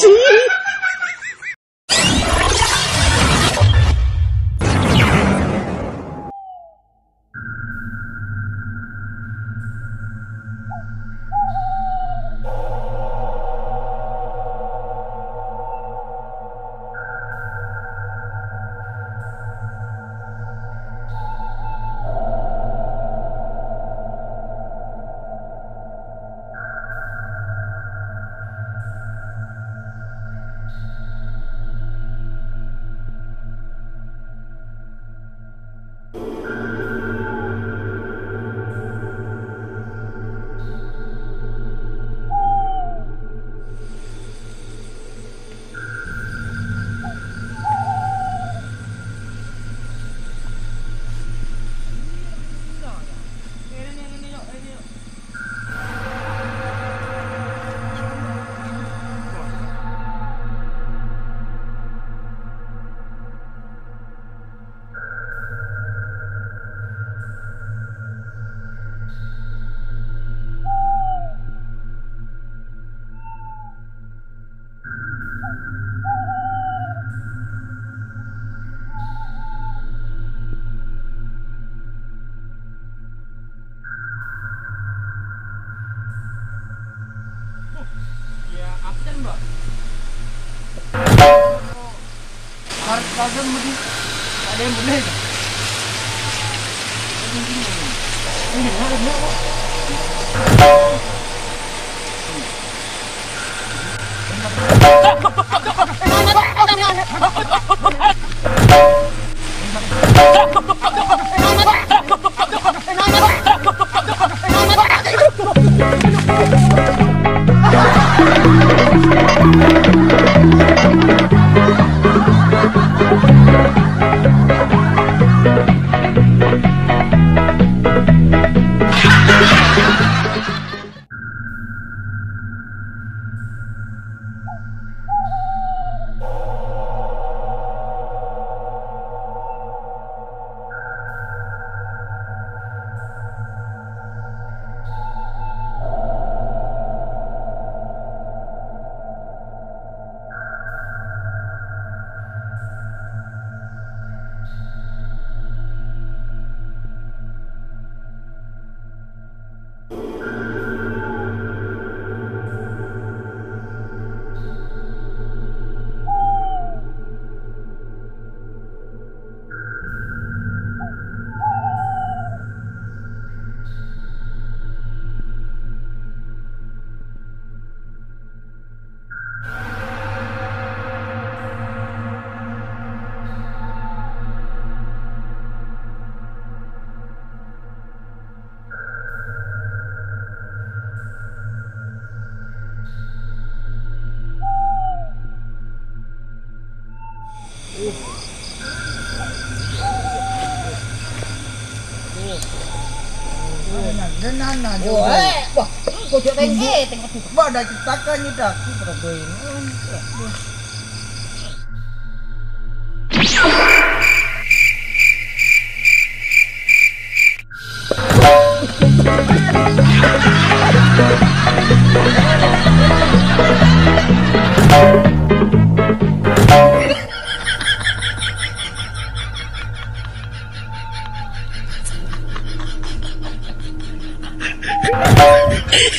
See? Harus mudi, ada yang boleh. Ini mana dia? Hahaha. Thank you. Denan na jo. Wah, kok jadi kene tengok. Wah, dah cetakan dah. Ki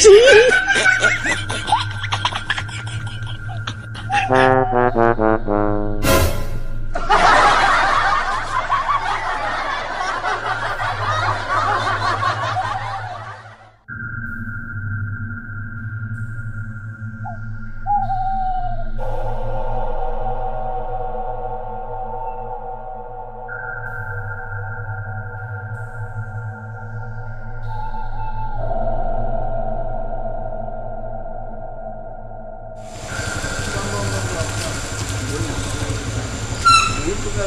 Chị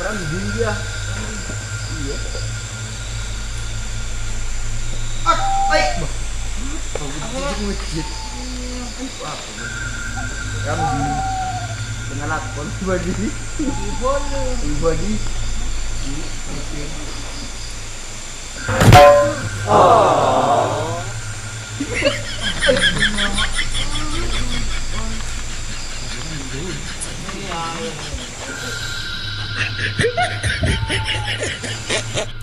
perang di India iya ah baik masjid kamu di dengan lakon ibadi ibadi ibadi